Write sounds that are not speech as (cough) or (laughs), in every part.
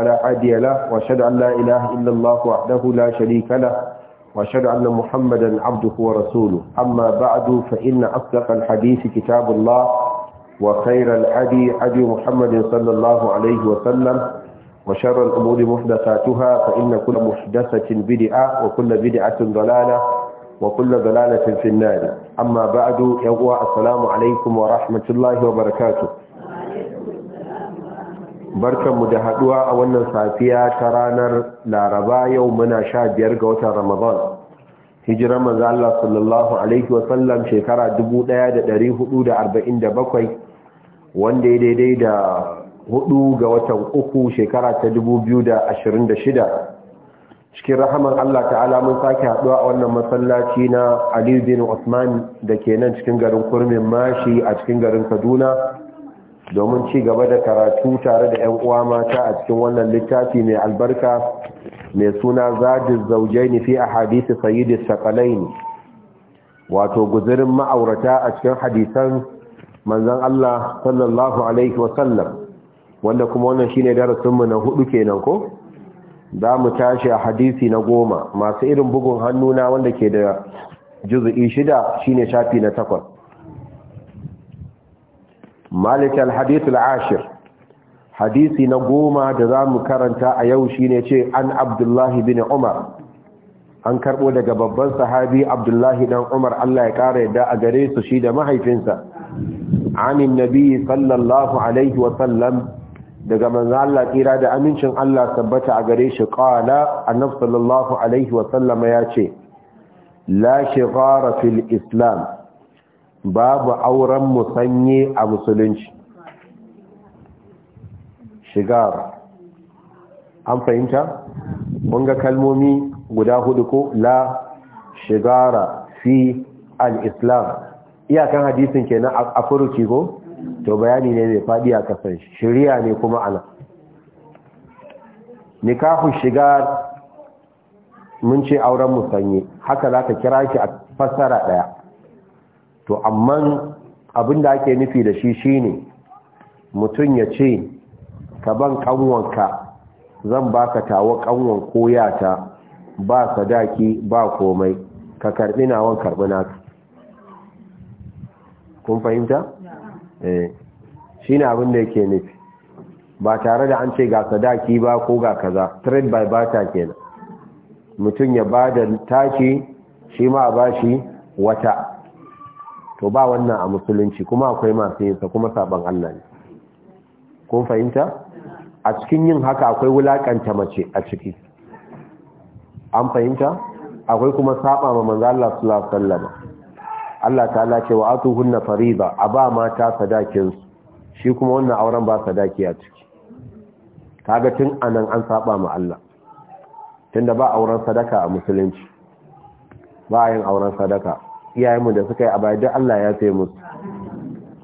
ولا هادي له واشهد ان لا اله الا الله وحده لا شريك له واشهد ان محمدا عبده ورسوله اما بعد فان اصدق الحديث كتاب الله وخير الهدي هدي محمد صلى الله عليه وسلم وشر الامور محدثاتها فان كل محدثه بدعه وكل بدعه ضلاله وكل ضلاله في النار اما بعد يا السلام عليكم ورحمه الله وبركاته barkanmu da haduwa a wannan safiya ta ranar laraba yau muna sha biyar ga watan ramadan hijirar manzo Allah sallallahu alaihi wasallam shekara 1447 wanda ya daidai da hudu ga watan uku shekara ta 2026 cikin rahaman Allah ta'ala mun sake haduwa a wannan masallaci na Ali bin Usman da ke nan cikin garin Kurmin Mashi a cikin garin Kaduna domin ci gaba da karatu tare da 'yan uwa mata a cikin wannan littafi mai albarka mai suna zadin zaujaini fi a hadisi sayidis ne wato guzirin ma'aurata a cikin hadisan manzan Allah sallallahu alaihi wasallam wanda kuma wannan shine darasinmu na hudu kenan ko za mu tashi a hadisi na goma masu irin bugun hannuna wanda ke da juzu'i shida shine shafi na takwas maliki alhadith al'ashir hadisi na goma da za mu karanta a yau shine ce an abdullahi bin umar an karɓo daga babban sahabi abdullahi dan umar Allah ya kara yadda a gare shi da mahaifinsa anin nabi sallallahu alaihi wa daga manzo Allah kira da amincin Allah tabbata a gare shi qala annab sallallahu alaihi wa ya ce la shighara fil islam babu auren musanyi a musulunci shigar an fahimta ga kalmomi guda hudu ko la shigara fi al-islam iyakan hadisin ke na furuki ko to bayani ne mai faɗi a kasan Shirya ne kuma ana nikahu shiga mun ce auren musanye haka za ka kira shi a fassara ɗaya. to amma abin da ake nufi da shi shi ne. mutum ya ce ka ban kanwanka zan ba ka tawa kanwan koyata ba sadaki ba komai ka karbi nawan karbi naka kun fahimta eh ne abin da yake nufi ba tare da an ce ga sadaki ba ko ga kaza trade by barter kenan mutum ya bada tashi shi ma bashi wata to ba wannan a musulunci kuma akwai masu yin kuma saban Allah ne kun fahimta a cikin yin haka akwai wulakanta mace a ciki an fahimta akwai kuma saba ma manzo Allah sallallahu alaihi wasallam Allah ta'ala ce wa atuhunna fariba aba mata sadakin shi kuma wannan auren ba sadaki a ciki kaga tun anan an saba ma Allah tunda ba auren sadaka a musulunci ba yin auren sadaka iyayenmu da suka yi a baya Allah ya fi musu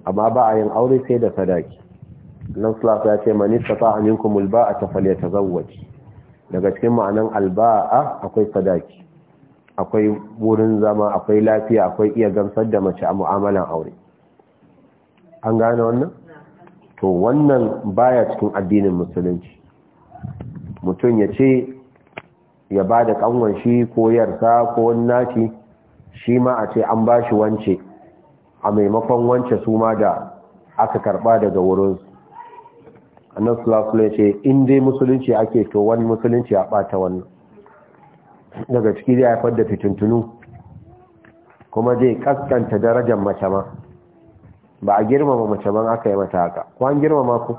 amma ba a yin aure sai da sadaki nan sulasa ya ce mani sata aminkum alba'a ta falle ta zawaci daga cikin ma'anan alba'a akwai sadaki akwai wurin zama akwai lafiya akwai iya gamsar da mace a mu'amalan aure an gane wannan to wannan baya cikin addinin musulunci mutum ya ce ya ba da kanwanshi ko yarsa ko wani shi ma a ce an ba shi wance a maimakon wance su ma da aka karba daga wurinsu annan ne ce in dai musulunci ake to wani musulunci ya bata wannan daga ciki zai haifar da fitintunu kuma zai kaskanta darajar mace ma ba a girmama mace ban aka yi mata haka ko an girmama ku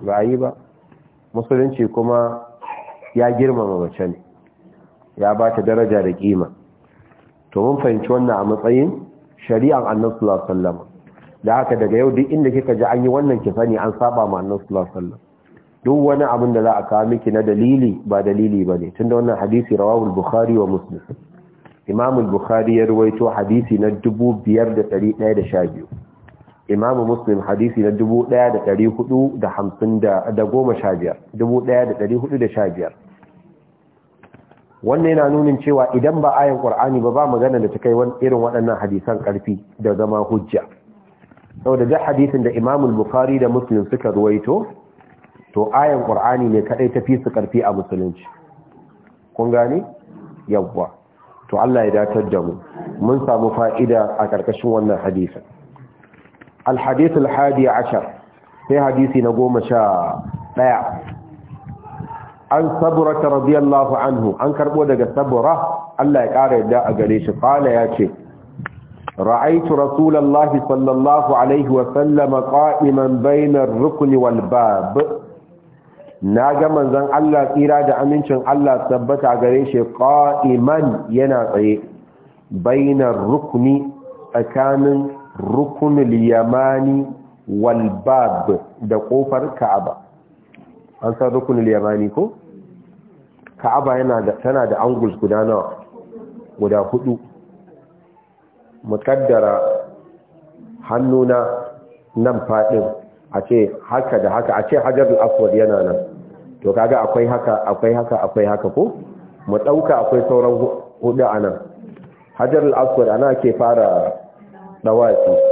ba a yi ba musulunci kuma ya girmama mace ne ya ba ta daraja da kima to mun fahimci wannan a matsayin shari'an annabi sallallahu alaihi wasallam da haka daga yau duk inda kika ji an yi wannan kifani an saba ma annabi sallallahu alaihi wasallam duk wani abin da za a kawo miki na dalili ba dalili bane tunda wannan hadisi rawahu al-bukhari wa muslim imam al-bukhari ya ruwaito hadisi na 5112 imam muslim hadisi na 1415 1415 wannan yana nunin cewa idan ba ayan qur'ani ba ba magana da ta kai irin waɗannan hadisan ƙarfi da zama hujja saboda duk hadisin da imamul bukari bukhari da Muslim suka ruwaito to ayan qur'ani ne kaɗai ta fi su ƙarfi a musulunci kun gani yawwa to Allah ya datar da mu mun samu fa'ida a ƙarƙashin wannan hadisin al-hadith al-hadi 10 sai hadisi na goma sha ɗaya. an sabura ta radiyallahu anhu an karbo daga sabura Allah ya ƙara yadda a gare shi kala ya ce ra'aitu rasulullahi sallallahu alaihi wa sallama qa'iman bainar rukni wal bab na ga manzon Allah tsira da amincin Allah tabbata gare shi qa'iman yana tsaye bainar rukni tsakanin rukunul yamani wal bab da kofar ka'aba an sa rukunin yamani ko ka'aba tana da angul guda nawa guda hudu mukaddara hannuna nan fadin a ce haka da haka a ce hajjarul aswad yana nan to kaga akwai haka akwai haka akwai haka ko mu dauka akwai sauran hudu anan hajjarul aswad ana ke fara dawaki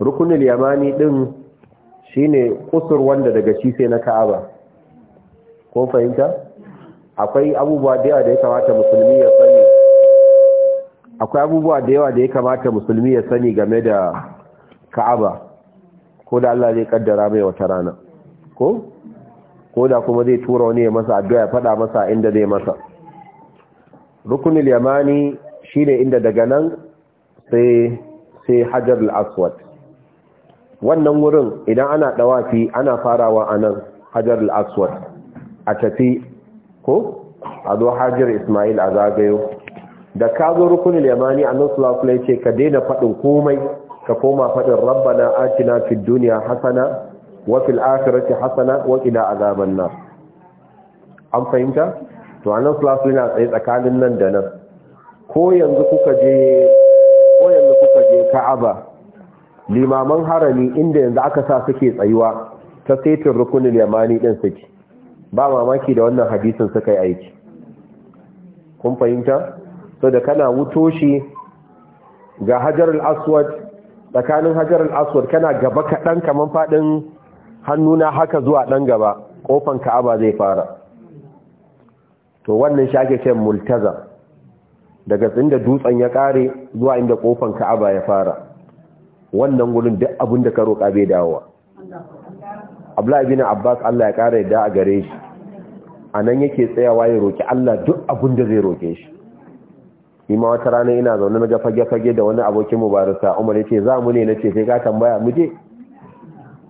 rukunin yamani din shine kusur wanda daga shi sai na ka'aba ko fahimta akwai abubuwa da yawa da ya kamata musulmi ya sani akwai abubuwa da yawa da ya kamata musulmi ya sani game da ka'aba ko da Allah zai kaddara mai wata rana ko ko da kuma zai tura wani ya masa addu'a ya fada masa inda zai masa rukunul yamani shine inda daga nan sai sai hajar al-aswad wannan wurin idan ana dawafi ana farawa a nan hajar al a tafi ko a zo hajar ismail a zagayo da ka zo rukunin yamani a nan sulafula ya ce ka daina faɗin komai ka koma faɗin rabbana cina fi duniya hasana wa fil akhirati hasana wa a zaben nan". an fahimta to nan sulafula na tsaye tsakanin nan da nan ko yanzu kuka je ka'aba limaman harami inda yanzu aka sa suke tsayuwa ta saitin rukunin yamani din suke ba mamaki da wannan hadisin suka yi aiki kun fahimta so da kana wuto shi ga hajar al tsakanin hajar al-aswad kana gaba kaɗan kamar faɗin hannuna haka zuwa ɗan gaba ƙofan ka'aba zai fara to wannan shake ce multaza daga inda dutsen ya ƙare zuwa inda ƙofan ka'aba ya fara wannan gurin duk abin da ka roƙa bai dawowa abdullahi bin abbas Allah ya ƙara yadda a gare shi a nan yake tsayawa ya roƙi Allah duk abin da zai roƙe shi ima wata rana ina zaune na ga fage-fage da wani abokin mubarisa umar ya ce za mu ne na ce sai ka tambaya mu je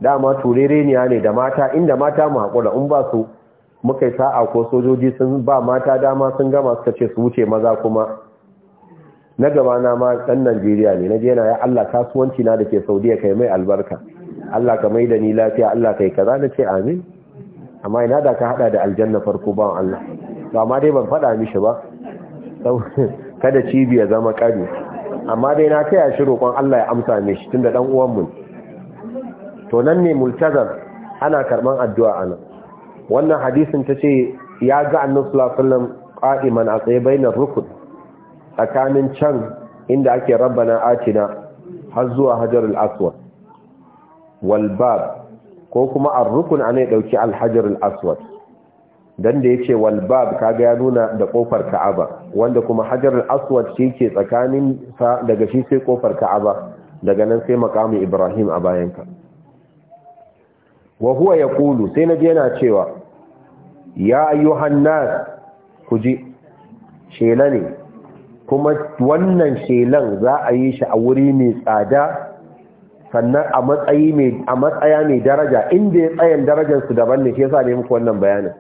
dama turere ne da mata inda mata mu haƙura in ba su muka sa'a ko sojoji sun ba mata dama sun gama suka ce su wuce maza kuma na gaba na ma dan Najeriya ne na je yana ya Allah kasuwanci na da dake Saudiya kai mai albarka Allah ka mai da ni lafiya Allah kai kaza ce amin amma ina da ka hada da aljanna farko ba Allah ba ma dai ban fada mishi ba (laughs) kada cibi ya zama kari amma dai na taya shi roƙon Allah ya amsa mishi tunda dan uwan mu to nan ne multazam ana karban addu'a ana wannan hadisin tace ya ga annabi sallallahu alaihi wasallam qa'iman a tsaye bainar rukun tsakanin can inda ake rabbana atina har zuwa hajarul aswad wal bab ko kuma a rukun anai dauki al-hajarul aswad dan da yace wal bab kaga ya nuna da ƙofar ka'aba wanda kuma hajarul aswad ke tsakanin sa daga shi sai kofar ka'aba daga nan sai maqami ibrahim a bayanka wa huwa yaqulu sai je yana cewa ya ayyuhan nas ji! shela ne kuma wannan shelan za a yi shi a wuri mai tsada sannan a matsayi mai matsaya mai daraja inda ya tsayan darajar su daban ne shi yasa ne muku wannan bayanin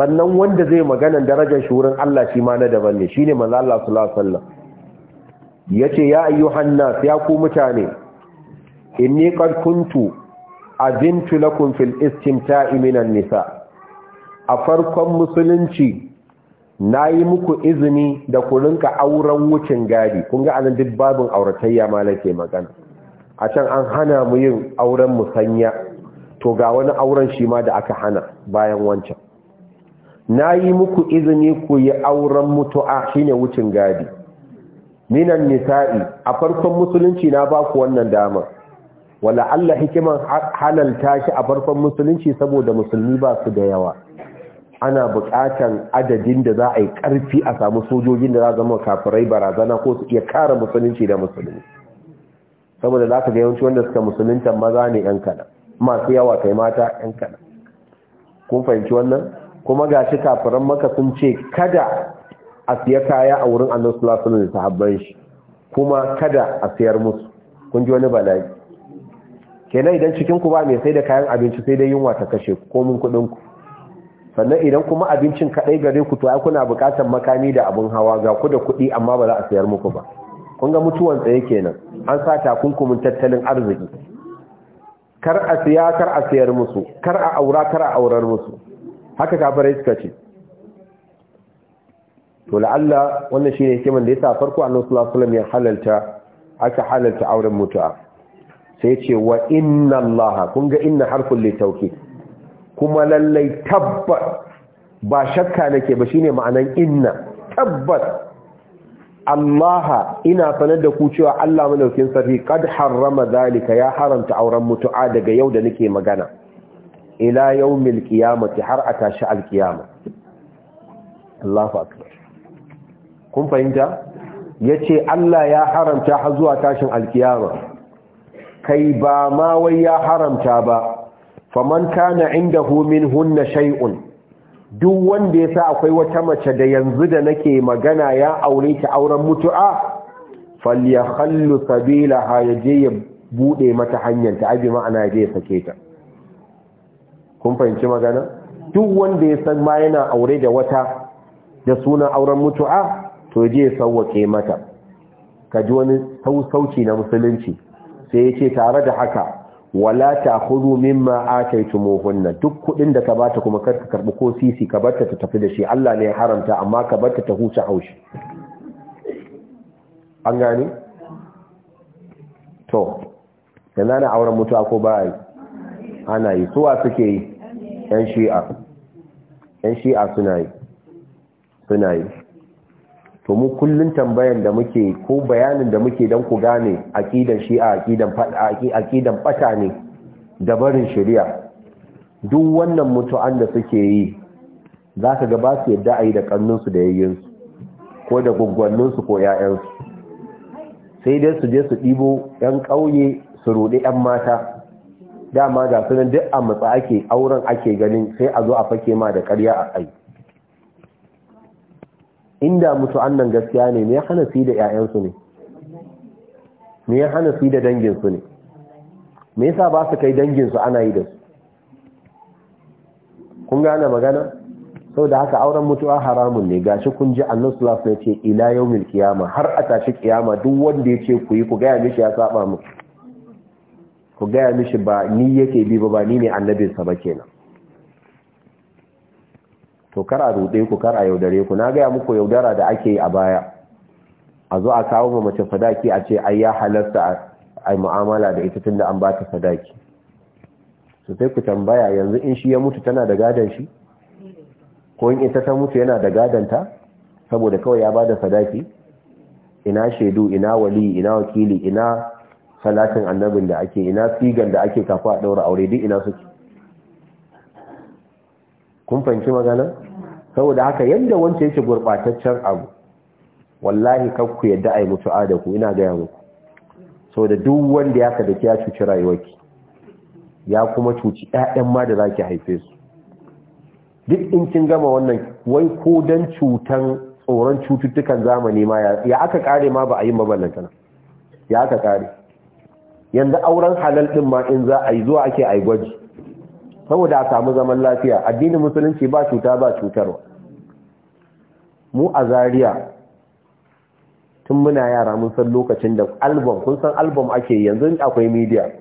sannan wanda zai magana darajar shi wurin Allah shi ma na daban ne shine manzo Allah sallallahu alaihi wasallam yace ya ayyuhan nas ya ku mutane inni qad kuntu azintu lakum fil istimta'i minan nisa a farkon musulunci na yi muku izini da ku rinka auren wucin gadi kun ga anan duk babin auratayya ma ke magana a can an hana mu yin auren musanya to ga wani auren shi ma da aka hana bayan wancan na yi muku izini ku yi auren mutu'a shine wucin gadi minan nisa'i a farkon musulunci na ba ku wannan dama wala Allah hikiman halalta shi a farkon musulunci saboda musulmi ba su da yawa ana buƙatan adadin da za a yi ƙarfi a samu sojojin da za zama kafirai barazana ko su iya kare musulunci da musulmi saboda za ka ga yawanci wanda suka musulunta maza ne yan kaɗan masu yawa kai mata yan kaɗan kun fahimci wannan kuma ga shi kafiran maka sun ce kada a siya kaya a wurin annabi sallallahu alaihi wasallam da sahabban shi kuma kada a siyar musu kun ji wani bala'i kenan idan cikin ku ba mai sai da kayan abinci sai dai yunwa ta kashe ku ko mun kuɗin ku sannan idan kuma abincin kaɗai gare ku to ai kuna buƙatar makami da abin hawa ga ku da kuɗi amma ba za a sayar muku ba kun ga mutuwan tsaye kenan an sa takunkumin tattalin arziki kar a siya kar a sayar musu kar a aura kar a aurar musu haka kafirai suka ce to la'alla wannan shine hikiman da yasa farko annabi sallallahu alaihi wasallam ya halalta aka halalta auren mutu'a sai ce wa inna allaha kun ga inna harfun litawkid kuma lallai tabbat ba shakka nake ba shine ma'anan inna tabbat Allah ina sanar da ku cewa Allah malaukin sarki kad harrama zalika ya haramta auren mutu'a daga yau da nake magana ila yaumil qiyamati har a tashi alqiyama Allahu akbar kun fahimta yace Allah ya haramta har zuwa tashin alqiyama kai ba ma wai ya haramta ba faman kana indahu hunna shay'un duk wanda yasa akwai wata mace da yanzu da nake magana ya aure ta auren mutu'a falyakhallu sabilaha yaje ya bude mata hanyar ta abi ma'ana yaje ya sake ta kun fahimci magana duk wanda ya san ma yana aure da wata da sunan auren mutu'a to yaje ya sawwake mata kaji wani sausauci na musulunci sai yace tare da haka wala ta khudu mimma ataytumuhunna duk kudin da ka bata kuma karka karbi ko sisi ka barta ta tafi da shi Allah ne ya haramta amma ka barta ta huce haushi an gane to yana na auren mutuwa ko ba yi ana yi suwa suke yi yan shi'a yan shi'a suna yi suna yi to mu kullun tambayan da muke ko bayanin da muke don ku gane aqidan shi'a aqidan aqidan bata ne da barin shari'a duk wannan mutu'an da suke yi zaka ga ba su yadda yi da kannun su da yayin su ko da gugwannin ko 'ya'yansu. su sai dai su je su ɗibo 'yan ƙauye su rode 'yan mata dama ga sunan duk a matsa ake auren ake ganin sai a zo a fake ma da ƙarya a kai inda mutu annan gaskiya ne me ya hana su da ƴaƴansu ne me ya hana su da danginsu ne me yasa ba su kai danginsu ana yi da su kun gane magana sau da haka auren mutuwa haramun ne gashi kun ji alaihi wasallam ya ce ila yaumil mil har a tashi kiyama duk wanda yace ce ku yi ku gaya mishi ya saba mu ku gaya mishi ba ni yake bi ba ba ni ne annabinsa ba kenan to kar a rude ku kar a yaudare ku na gaya muku yaudara da ake yi a baya a zo a kawo ma mace sadaki a ce ai ya halarta a mu'amala da ita tunda an bata ta sadaki to sai ku tambaya yanzu in shi ya mutu tana da gadon shi ko in ita ta mutu yana da gadon ta saboda kawai ya ba da sadaki ina shaidu ina wali ina wakili ina salatin annabin da ake ina sigan da ake kafa a ɗaura aure duk ina suke kun fahimci magana saboda haka yadda wance yake gurbataccen abu wallahi kakku yadda ai mutu da ku ina gaya muku saboda duk wanda ya ka da ya cuci rayuwarki ya kuma cuci ƴaƴan ma da zaki haife su duk in kin gama wannan wai ko dan cutan tsoron cututtukan zamani ma ya aka kare ma ba a yi na ya aka kare yanzu auren halal ɗin ma in za a yi zuwa ake ai gwaji saboda a samu zaman lafiya addinin musulunci ba cuta ba cutarwa mu a Zariya tun muna yara mun san lokacin da album kun san album ake yanzu akwai media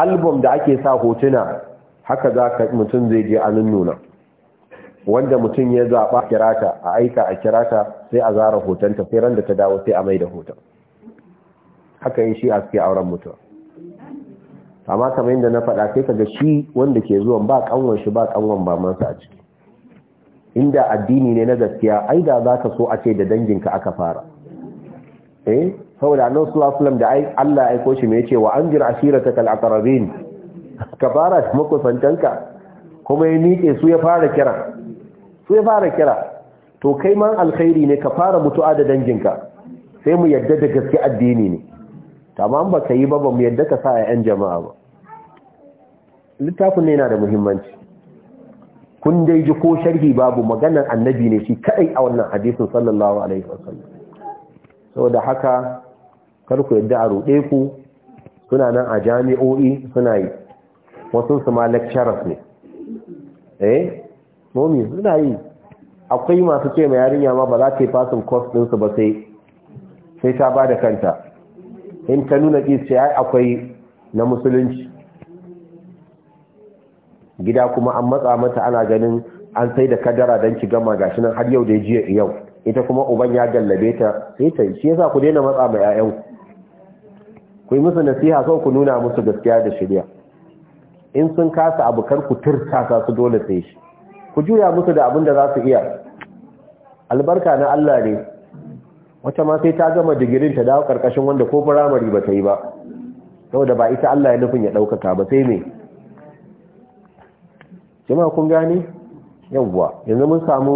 album da ake sa hotuna haka za ka mutum zai je a nuna wanda mutum ya zaɓa kirata a aika a kirata sai a zara hotonta sai ran da ta dawo sai a mai da hoton haka yin shi a suke auren mutum amma kamar yadda na faɗa sai kaga shi wanda ke zuwan ba kanwan shi ba kanwan mamansa a ciki inda addini ne na gaskiya ai da zaka so a ce da danginka aka fara eh saboda annabi sallallahu alaihi da ai Allah ya aiko shi me yace wa anjir ashiratakal aqrabin ka fara da makusantanka kuma ya miƙe su ya fara kira su ya fara kira to kai man alkhairi ne ka fara mutu'a da danginka sai mu yadda da gaske addini ne tamam ba ka yi ba ba mu yadda ka sa a 'yan jama'a ba littafin ne yana da muhimmanci kun dai ji ko sharhi babu maganar annabi ne shi kadai a wannan hadisin sallallahu alaihi wasallam saboda haka kar ku yadda a ruɗe ku suna nan a jami'o'i suna yi wasu su ma lecturers ne eh momi suna yi akwai masu ce mai yarinya ma ba za ta yi fasin course su ba sai sai ta ba da kanta in ta nuna ki sai akwai na musulunci gida kuma an matsa mata ana ganin an sai da kadara don ki gama gashi nan har yau da jiya yau ita kuma uban ya gallabe ta sai ta shi yasa ku daina matsa ma ƴaƴan ku yi musu nasiha sau ku nuna musu gaskiya da shirya in sun kasa abu kar ku turta su dole sai shi ku juya musu da abin da za su iya albarka na Allah ne wata ma sai ta gama digirin ta dawo karkashin wanda ko firamare ba ta yi ba saboda ba ita Allah ya nufin ya ɗaukaka ba sai me jama kun gane yawwa yanzu mun samu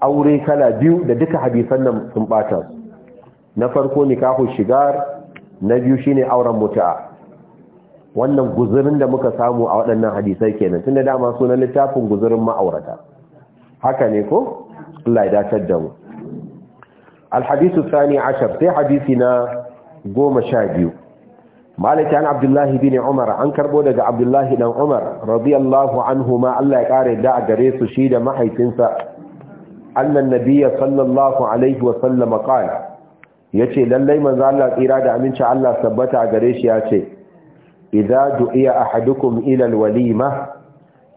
aure kala biyu da duka hadisan nan sun bata na farko nikahu shigar na biyu shine auren mutu'a wannan guzurin da muka samu a waɗannan hadisai kenan tunda dama sunan littafin guzurin ma'aurata haka ne ko Allah ya dace da mu al-hadithu thani ashar sai hadisi na goma sha biyu malaka an abdullahi bin umar an karbo daga abdullahi dan umar radiyallahu anhu ma Allah ya kare da a gare su shi da mahaifinsa annan nabiyya sallallahu alaihi wa sallam qala yace lallai manzo Allah tsira da aminci Allah sabbata a gare shi yace idza du'iya ahadukum ila alwalima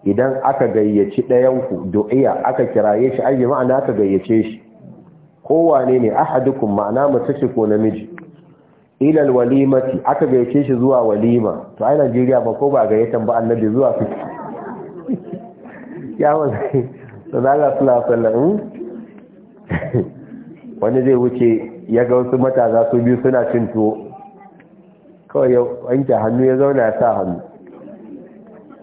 idan aka gayyaci ɗayanku du'iya aka kiraye shi ayi ma'ana aka gayyace shi kowane ne ahadukum ma'ana mace ko namiji ilal walimati aka gayyace shi zuwa walima to ai Najeriya ba ko ba gayyatan ba annabi zuwa fiki ya wani da zaga suna sallan hmm? wani zai wuce ya ga wasu mataza su biyu suna cin tuwo kawai ya wanke hannu ya zauna ya sa hannu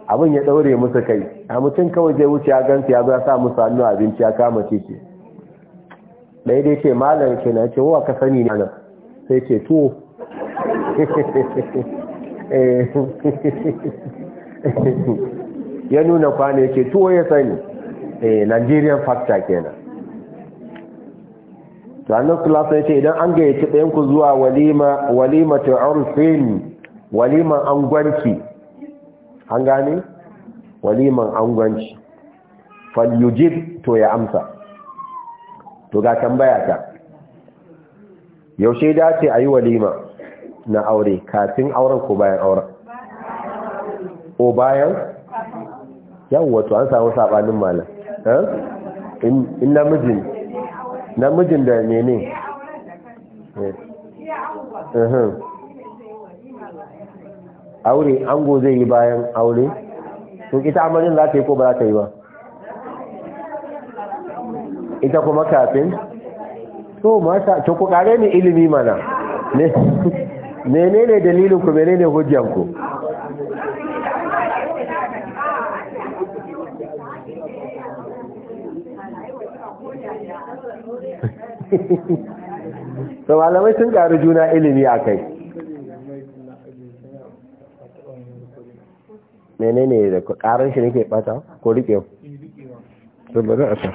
abin ya daure musu kai a mutum kawai zai wuce ya gansu ya zo ya sa musu hannu abinci ya kama cece daidai ce malam ke na ce wa ka sani ne sai ce tuwo Eh. (laughs) ya nuna kwano ke tuwo ya sani eh, nigerian factor kenan to annan sulasa ya ce idan an gayyaci ɗayanku zuwa walima walima ta orfin waliman angwanci an gane waliman angwanci falyujib to ya amsa to ga tambaya ta yaushe dace a yi walima na aure kafin auren ko bayan auren ko bayan Yau wato an samu sabanin malam eh? in namijin namijin da ne eh. aure ango zai yi bayan aure sun ita amarin za ta yi ko ba za ta yi ba ita kuma kafin to mata ta ku kare ne ilimi mana ne (laughs) menene dalilin ku menene hujjan ku (laughs) to malamai sun karu juna ilimi a kai menene da karin shi nake bata ko rike saboda a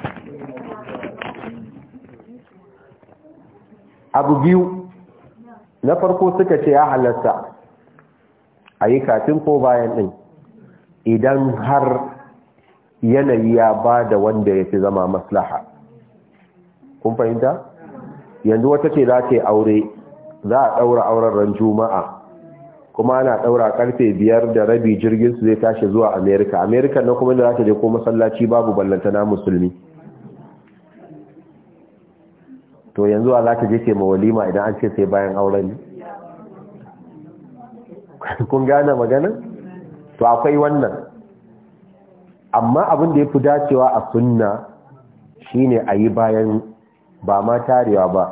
abu biyu na farko suka ce ya halarta a yi kafin ko bayan ɗin idan har yanayi ya ba da wanda ya fi zama maslaha kun fahimta yanzu wata ce za ta yi aure za a ɗaura auren ran juma'a kuma ana ɗaura karfe biyar da rabi jirgin su zai tashi zuwa amerika amerika na kuma da za ta je ko masallaci babu ballantana musulmi to yanzu a za ta je ma walima idan an ce sai bayan auren (laughs) kun gane maganin to akwai wannan amma abin da ya fi dacewa a sunna shine a yi bayan ba ma tarewa ba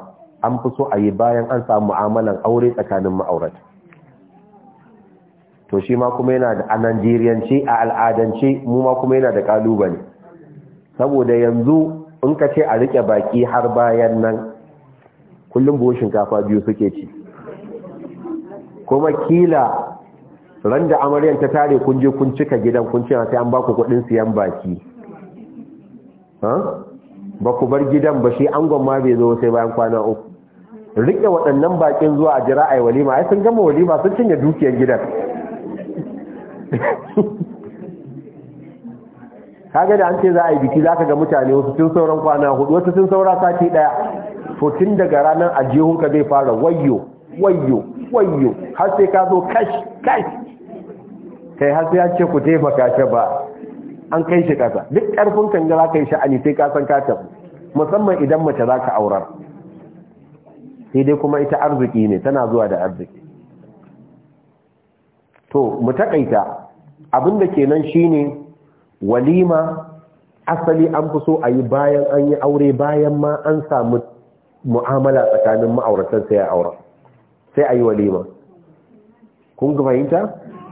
an fi so a yi bayan an samu mu'amalan aure tsakanin ma'aurata to shi ma kuma yana da a Najeriyance a al'adance mu ma kuma yana da kalubale saboda yanzu in ka ce a rike baki har bayan nan kullum buhun shinkafa biyu suke ci kuma kila ran da amaryan ta tare kun je kun cika gidan kun ce sai an baku kudin siyan baki ba ku bar gidan ba shi angon ma bai zo sai bayan kwana uku rike waɗannan bakin zuwa a jira ai walima ai sun gama walima sun cinye dukiyar gidan (laughs) kaga da an ce za a yi biki za ka ga mutane wasu sun sauran kwana hudu wasu sun saura sati daya to tun daga ranar ka zai fara wayo wayo wayo har sai ka zo kash kash kai har sai an ce ku taimaka kashe ba an kai shi kasa duk karfin kan za ka yi sha'ani sai ka san kata musamman idan mace za ka aurar sai dai kuma ita arziki ne tana zuwa da arziki to mu takaita abinda kenan shine walima asali an fi so a yi bayan an yi aure bayan ma an samu mu'amala tsakanin ma'auratan sai a aura sai a yi walima kun ga fahimta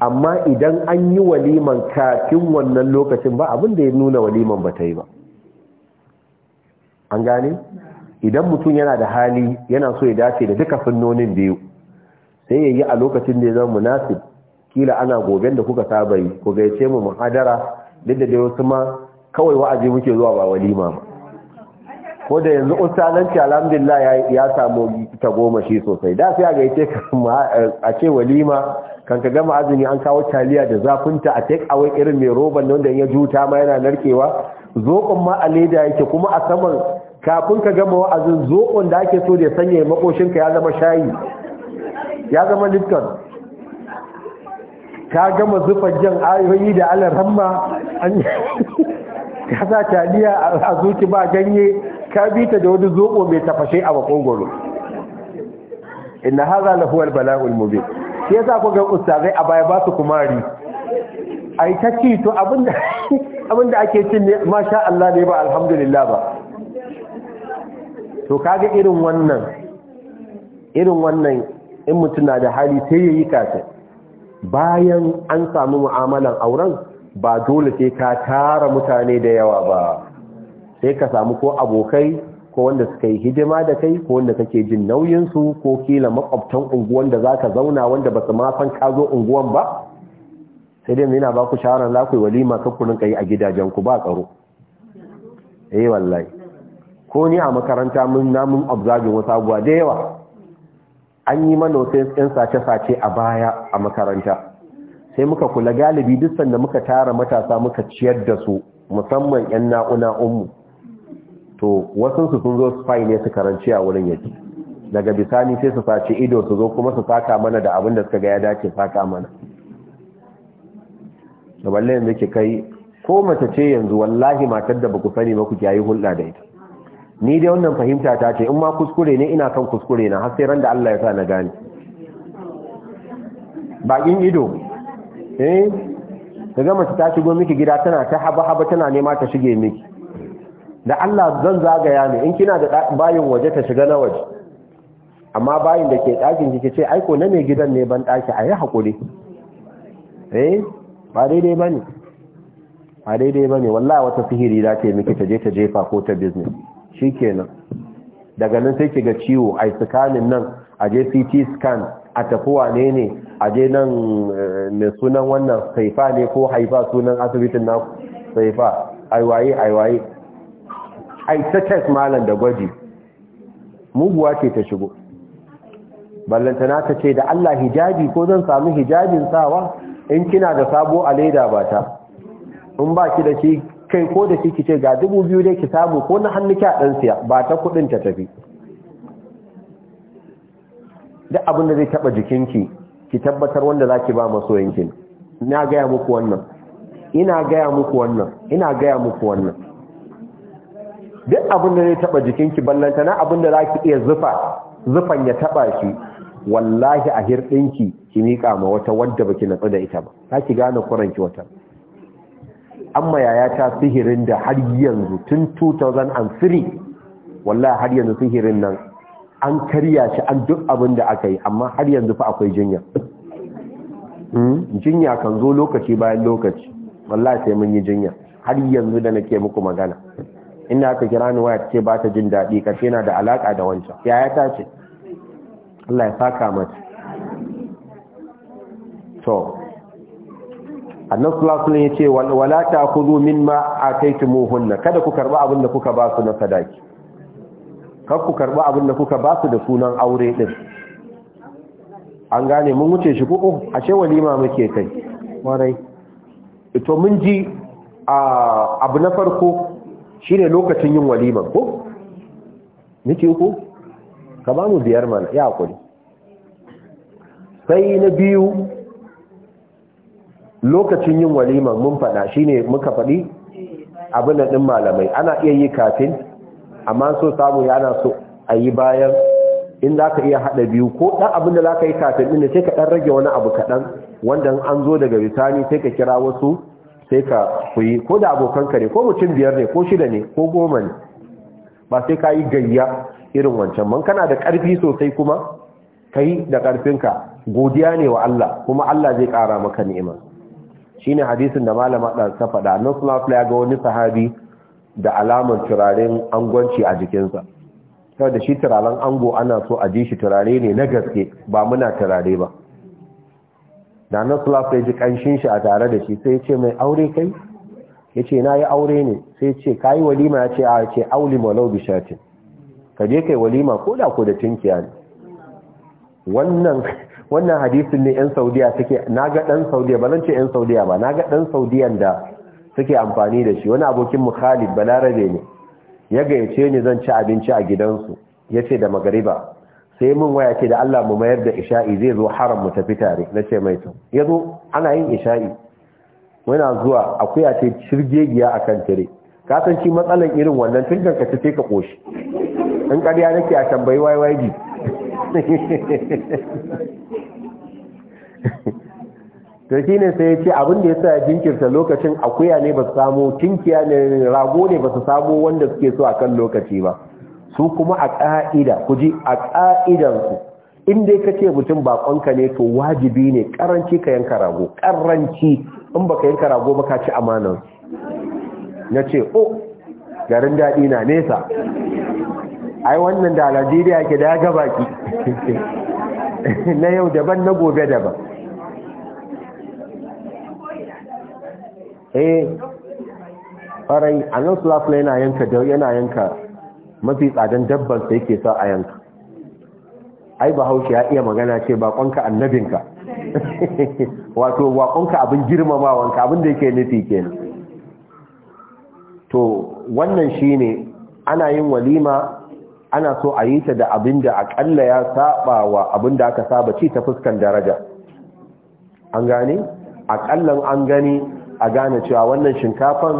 amma idan an yi waliman kafin wannan lokacin ba abin da ya nuna waliman ba ta yi ba an gane idan mutum yana da hali yana so ya dace da duka fannonin biyu sai ya yi a lokacin da ya zama munasib kila ana goben da kuka saba yi ko ku ce mu muhadara duk da dai wasu ma kawai wa'azi muke zuwa ba walima ba ko da yanzu ustalanci alhamdulillah ya ya samu ta goma shi sosai da sai a gaice a ce walima kan ka gama azumi an kawo taliya da zafinta a take away irin mai roban nan da ya juta ma yana narkewa zokon ma a leda yake kuma a saman kafin ka gama wa'azin zokon da ake so da sanya makoshin ka ya zama shayi ya zama lifton ka gama zufa jan ayoyi da alarhamma kasa taliya a zuci ba ganye ka bi da wani zoɓo mai tafashe a goro Ina haza lahuwar bala'ul mubin Ya sa ku ga ustazai a baya ba su kumari A ta ci to abinda (laughs) ake cin ne masha Allah ne ba alhamdulillah ba to kaga irin wannan irin wannan in mutum na da hali sai ya yi kasa bayan an samu mu'amalan auren ba dole sai ka tara mutane da yawa ba sai ka samu ko abokai ko wanda suka yi hidima da kai ko wanda kake jin nauyinsu ko kila makwabtan unguwan da za ka zauna wanda ba su ma san unguwan ba sai dai yana ba ku shawarar za ku yi walima ka ka yi a gidajenku ba tsaro eh wallahi ko ni a makaranta mun namun abzagin wasu abubuwa da yawa an yi mana wasu 'yan sace-sace a baya a makaranta sai muka kula galibi duk sanda muka tara matasa muka ciyar da su musamman yan ummu to wasansu sun zo spy ne su karanci a wurin yake daga bisani sai su sace ido su zo kuma su saka mana da abin da suka ga ya dace saka mana da balle yanzu ke kai ko mace ce yanzu wallahi matar da baku sani ba ku kiyayi hulɗa da ita ni dai wannan fahimta ta ce in ma kuskure ne ina kan kuskure na har sai ran da Allah ya sa na gane bakin ido eh gama mace ta shigo miki gida tana ta haba-haba tana nema ta shige miki da Allah zan zagaya ne in kina da bayin waje ta shiga na waje amma bayin da ke ɗakin kike ce aiko na mai gidan ne ban ɗaki a yi haƙuri eh ba daidai ba ne ba daidai ba ne wallahi wata sihiri za ta yi miki ta je ta jefa ko ta business shi kenan daga nan sai ki ga ciwo a scanning nan a je ct scan a tafi wane ne a je nan eh, mai sunan wannan saifa ne ko haifa sunan asibitin na saifa aiwaye aiwaye ai ta test malam da gwaji muguwa ce ta shigo ballantana ta ce da Allah hijabi ko zan samu hijabin sawa in kina da sabo a leda ba ta in ba ki da shi kai ko da shi kice ga dubu biyu dai ki samu ko na hannu kya dan siya ba ta kudin ta tafi da abin da zai taba jikinki ki tabbatar wanda zaki ba masoyinki ina gaya muku wannan ina gaya muku wannan ina gaya muku wannan duk abin da zai taba jikinki ballanta na abin da zaki iya zufa zufan ya taba shi wallahi a hirɗinki ki miƙa ma wata wadda baki natsu da ita ba za ki gane kuranki wata amma yaya ta sihirin da har yanzu tun 2003 wallahi har yanzu sihirin nan an karya shi an duk abin da aka yi amma har yanzu fa akwai jinya hmm? jinya kan zo lokaci bayan lokaci wallahi sai mun yi jinya har yanzu da nake muku magana ina ka kira ni waya ce ba ta jin daɗi ce na da alaƙa da wancan yaya ta ce Allah ya saka mata to annabi sallallahu alaihi wasallam yace wala ta'khudhu mimma ataytumuhunna kada ku karba abin da kuka ba su na sadaki kar ku karɓi abin da kuka ba su da sunan aure ɗin an gane mun wuce shi a ashe walima muke kai warai Ito mun ji abu na farko shine lokacin yin walima ko miki uku ka ba mu biyar mana ya hakuri sai na biyu lokacin yin walima mun faɗa shine muka fadi abin da ɗin malamai ana iya yi kafin amma so samu yana so a yi bayan in za ka iya haɗa biyu ko ɗan abin da za ka yi kafin ɗin sai ka ɗan rage wani abu kaɗan wanda an zo daga bisani sai ka kira wasu sai ka kuyi ko da abokanka ne ko mutum biyar ne ko shida ne ko goma ne ba sai ka yi gayya irin wancan man kana da ƙarfi sosai kuma ka yi da ƙarfinka godiya ne wa Allah kuma Allah zai ƙara maka ni'ima shine hadisin da malama ɗan ta faɗa nan ya ga wani sahabi da alamar turaren angwanci a jikinsa sau da shi turaren ango ana so a ji shi turare ne na gaske ba muna turare ba da nan sulaf ya ji kanshin shi a tare da shi sai ce mai aure kai ya ce na yi aure ne sai ce ka yi walima ya ce a ce auli malau bishatin ka je kai walima ko da ko da tinkiya ne wannan wannan hadisin ne yan saudiya suke na ga dan saudiya ba zan ce yan saudiya ba na ga dan saudiyan da suke amfani da shi wani abokin mu Khalid Balarabe ne ya gayyace ni zan ci abinci a gidansu yace da magariba sai mun waya ce da Allah mu mayar da isha'i zai zo haram mu tafi tare nace mai to yazo ana yin isha'i muna zuwa akuya ce shirgegiya akan tare ka san shi matsalan irin wannan tun kan ka ka koshi in ƙarya nake a tambayi YYD (laughs) to shi ne sai ya ce abin da ya sa jinkirta lokacin akuya ne ba su samu kinkiya ne rago ne ba su samu wanda suke so a kan lokaci ba su kuma a ƙa'ida ku ji a ƙa'idansu in dai ka ce mutum bakonka ne to wajibi ne ƙaranci ka yanka rago ƙaranci in ba ka yanka rago ba ka ci amanan na ce o garin daɗi na nesa ai wannan da alajiriya ke da ya ki (laughs) na yau daban na gobe daban eh farai annan sulasula yana yanka yana yanka mafi tsadan dabban sai yake sa a yanka ai bahaushe ya iya magana ce bakonka annabinka (laughs) wato bakonka abin girmamawanka abin da yake nufi kenan to wannan shi ne ana yin walima ana so a yi ta da abin da akalla ya saba wa abin da aka saba ci ta fuskan daraja an gani akallan an gani a gane cewa wannan shinkafan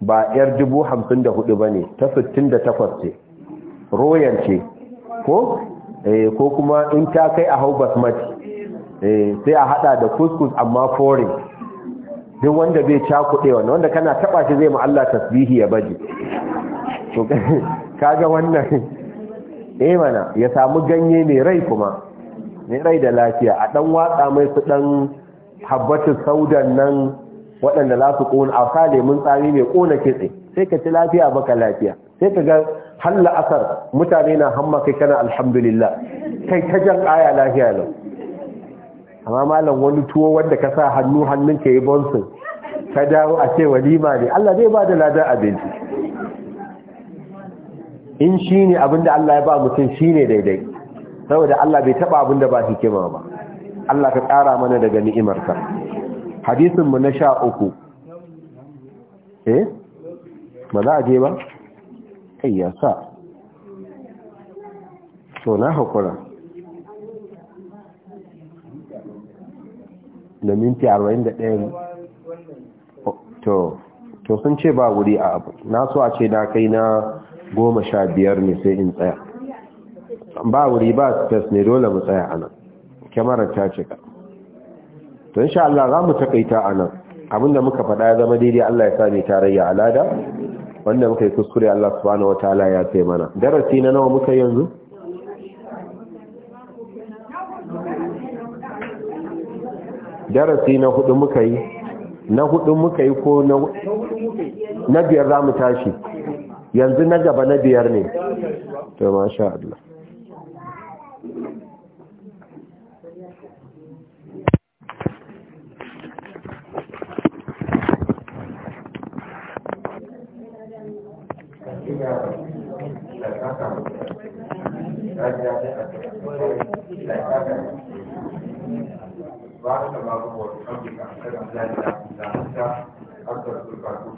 ba yar dubu hamsin da hudu ba ne ta sittin da takwas ce royal ce ko eh, ko kuma in ta kai a hau basmati eh, sai a hada da kuskus amma foreign duk wanda bai cakuɗe wannan wanda kana taɓa shi zai ma Allah tasbihi ya baje (laughs) kaga wannan (laughs) eh mana ya samu ganye mai rai kuma mai rai da lafiya a dan watsa mai su dan habbatu saudan nan waɗanda za su ƙona a sa lemun tsami mai ƙona kitse sai ka ci lafiya baka lafiya sai ka ga halla asar mutane na hamma kai kana alhamdulillah kai ta jan aya lafiya lau amma malam wani tuwo wanda ka sa hannu hannun ka yi bonsu ka dawo a ce walima ne Allah zai ba da ladar abinci in shi ne abinda Allah ya ba mutum shi ne daidai saboda Allah bai taɓa da ba hikima ba Allah ka ƙara mana daga ni'imarsa hadisin mu na sha uku eh ba za a je ba kai ya sa so na hakura da minti 41 to to sun ce ba wuri a abu na so a ce na kai na goma sha biyar ne sai in tsaya ba wuri ba stress ne dole mu tsaya a nan kyamarar ta cika to insha Allah za mu takaita a nan abinda muka faɗa ya zama daidai Allah ya sami tarayya alada wanda muka yi kuskure Allah subhanahu ta'ala ya ce mana darasi na nawa muka yanzu darasi na hudu muka yi na hudu muka yi ko na biyar za mu tashi yanzu na gaba na biyar ne to masha Allah بارك الله وفقك أحسن أن لا إله إلا أنت أكبر